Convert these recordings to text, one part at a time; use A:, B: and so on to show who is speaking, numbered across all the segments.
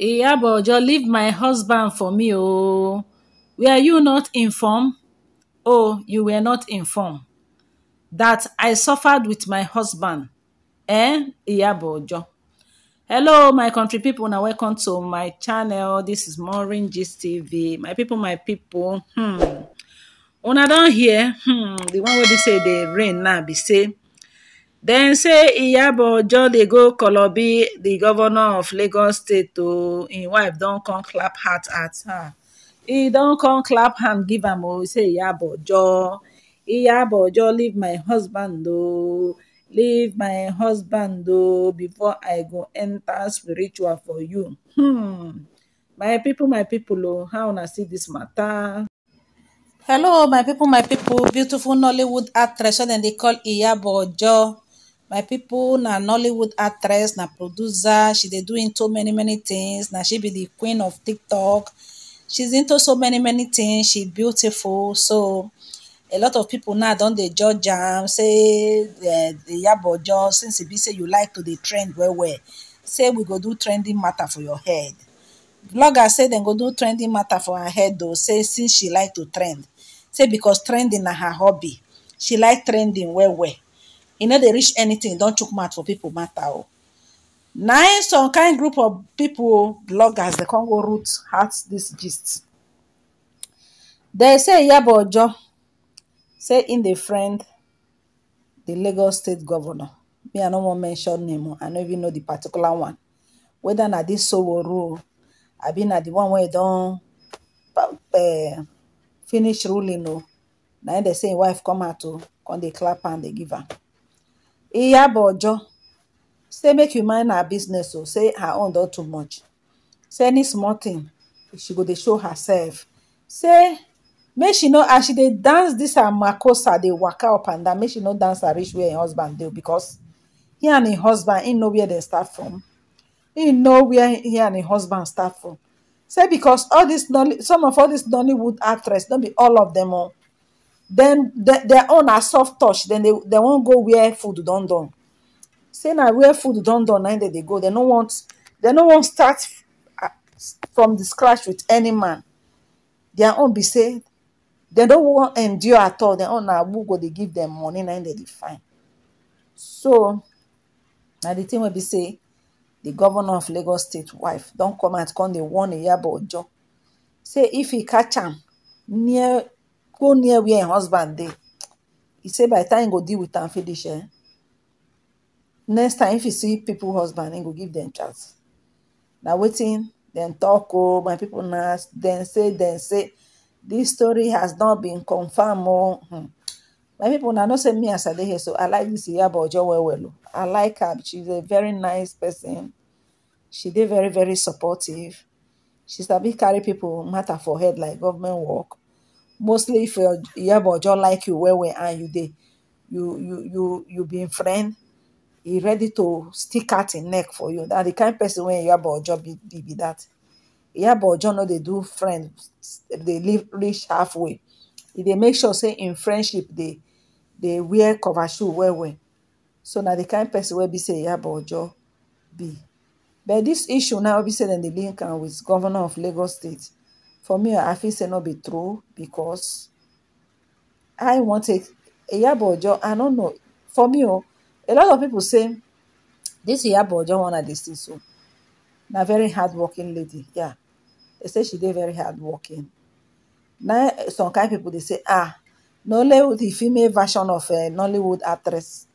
A: Iyabojo leave my husband for me oh. were you not informed? Oh, you were not informed that I suffered with my husband eh Iyabojo. hello my country people, na welcome to my channel This is Maureen gist tv my people, my people. hmm una don hear hmm The one where they say they rain now be say dem say iyabo ojo dey go kolobi di govnor of lagos state o im wife don come clap heart at her e don come clap hand give am o say iyabo Joe, iyabo Joe, leave my husband o leave my husband o before i go enter spiritual for you hmm my people, my people, o how una see dis mata hello my people, my people, beautiful nollywood actress wey dem dey call iyabo Joe. my people, na nollywood actress na producer she dey doing so many many things na she be the queen of tiktok she's into so many many things she beautiful so a lot of people now don dey judge her. say eh, the yabojo since she be say you like to the trend well well say we go do trending matter for your head vlogger say then go do trending matter for her head though say since she like to trend say because trending na her hobby she like trending well well you know they reach anything Don't talk mouth for people matter Oh, na some kind group of people bloggers The Congo go root this gist They say iyabo ojo say in the friend the lagos state Governor. me i no wan mention name oh. i no even know the particular one Whether weda na rule, I been at the one where done. Eh, finish ruling o oh. now they say wife come out to on the clap and they give her. Iyabojo say make you mind her business or oh. say her own don't too much say any small thing she go dey show herself say make she know as she dey dance This her makosa they walk up and that make she know dance her reach where her husband do oh, because he and her husband in know where they start from he know where he and her husband start from say because all this some of all dis nollywood actress Don't be all of them all. Oh. dem de dey na soft touch dem dey wan go where food don don say na where food don don na end up dey go dem no want wan start uh, from the scratch with any man their own be say dem no wan endure at all dem own na who go dey give dem money na end up dey fine so na di tin wey be say di govnor of lagos state wife don come out come dey warn eyabo ojo say if he catch am near. go near where im husband dey He say by the time im go deal with am finish eh next time if you see people husband im go give them chance Now waiting, then talk o oh, my people now then say then say this story has not been confirmed o oh, hmm. my people now not say me as a dey here so i like this year about well well oh. I like her she's a very nice person she did very very supportive she sabi carry people matter for head like government work mostly if your iyabo ojo like you well well and you they, you you you you being friend he ready to stick cat im neck for you na the kind person wey iyabo ojo be be be that iyabo ojo no they do friend they live reach halfway If they make sure say in friendship they, they wear cover shoe well well so now the kind person wey be say iyabo ojo be but this issue now be said in the link with governor of lagos state for me i feel say no be true because i want take iyabo ojo i not know for me oh, a lot of people say this yabojo ojo one i dey see so na very hardworking lady yeah they say she did very hardworking Now some kind people they say ah Nollywood, the female version of a eh, nollywood actress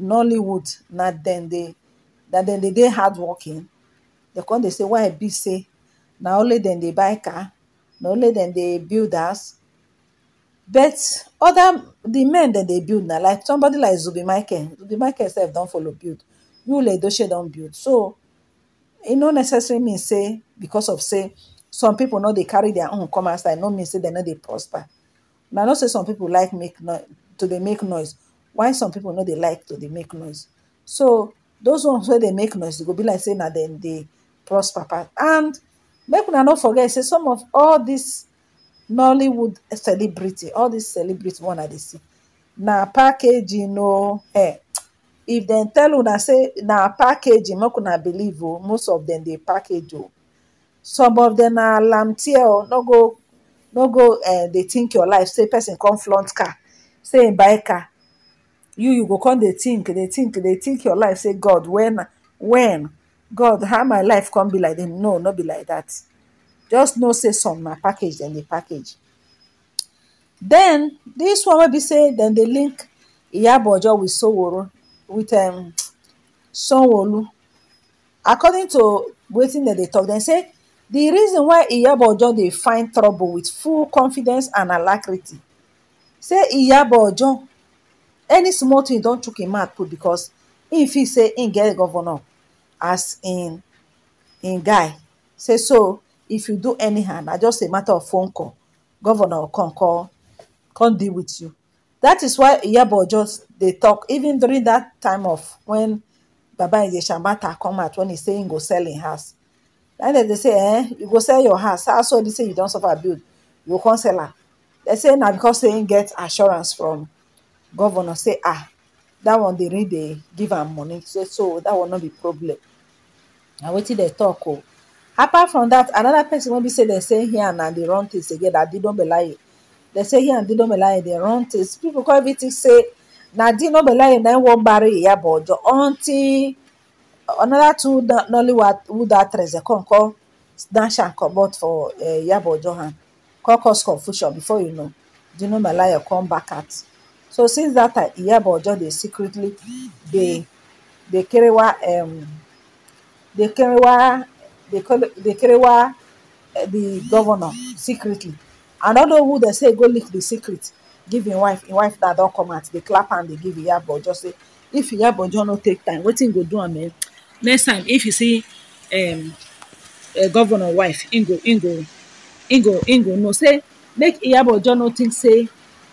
A: nollywood na then they did hardworking They come They say why e be say now only then they buy car not only then they build us, but other the men that they build now. like somebody like zubi michael zubi michael don't follow build You let yule don't build so it no necessarily mean say because of say some people no they carry their own commerce. outside no mean say they no they prosper Now not say some people like make to they make noise Why some people no they like to they make noise so those ones where they make noise go be like say now then they prosper and make una not forget say some of all this nollywood celebrity all these celebrity one i dey see na you know, eh if they tell una say na you make una believe o oh, most of them they package you. Oh. some of them na lamtier oh, no go no go they eh, think your life say person come flaunt car say him buy car you you go come they think they think, they think your life say god when when god how my life can't be like that no not be like that just no, say some my package dem the package then this one will be say Then the link iyabo ojo with soworo with um, sanwo according to waiting dem they talk, then say the reason why iyabo they find trouble with full confidence and alacrity say iyabo any small thing don't chook him mouth put because if he say in get governor as in in guy say so if you do any hand, i just a matter of phone call governor can call come deal with you that is why Yabo just they talk even during that time of when baba is mata come out when he's saying go sell in house then they say eh you go sell your house Also, they say you don't suffer build you can't sell her. They say nah, because say im get assurance from governor say ah That one they need they give am money say so that will not be problem I wait till they talk Oh, apart from that, another person will be say they say here and they run things again na be melaye They say here and be melaye They run things pipo come even think say na be melaye na him wan marry iyabo ojo auntie, another two only what nollywood actress dem come come snatch am comot for iyabo eh, ojo hand come cause confusion before you know Do dino melaye come back at so since that, time iyabo ojo secretly they they carry kerewa um, they they carry dey kerewa dey kerewa eh, the governor secretly I don't know who they say go leak the secret give him wife im wife that don't come out They clap and they give iyabo ojo say if iyabo ojo no take time What thing go do am eh next time if you see um, a governor wife ingo ingo ingo ingo. No say make iyabo ojo no think say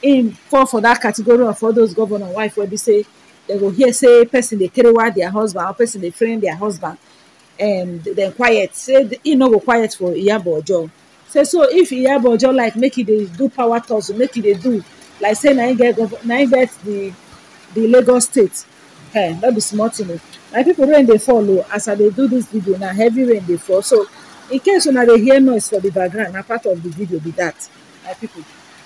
A: im fall for that category of all those governor wife wey be say dem go hear say person dey kerewa their husband or person dey friend their husband um, dem quiet say e no go quiet for iyabo ojo say so if iyabo ojo like make e dey do power tussle make e dey do like say na im get na im get the the lagos state eh hey, no be small thing o oh. my people rain dey fall o oh. as i dey do this video na heavy rain dey fall so in case una dey hear noise for the background na part of the video be that my people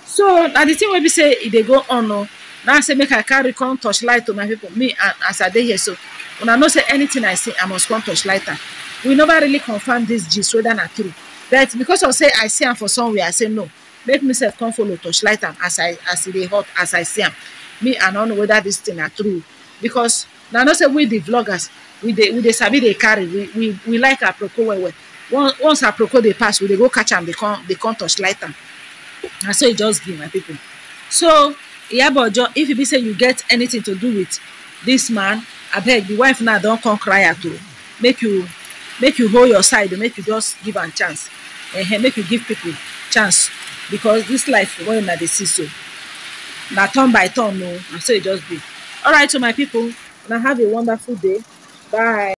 A: so na the thing wey be say e dey go on o na say make i carry come touch light to my people me and as i dey here so una know say anything i see i must come touch light am we never really confirm this gist whether na true but because of say i see am for somewhere i say no make me sef come follow touch light am as i as e dey hot as i see am me i no know whether this thing na true because na know say we the vloggers we dey we dey sabi dey carry we we we like aproko well well once aproko dey pass we dey go catch am dey come dey come touch light am and so just give my people so yeah, but if you be say you get anything to do with this man I beg the wife now don't come cry at all. make you make you hold your side make you just give a chance uh -huh, make you give people chance because this life going una the see so na turn by turn no, I so just be alright so my people now have a wonderful day bye.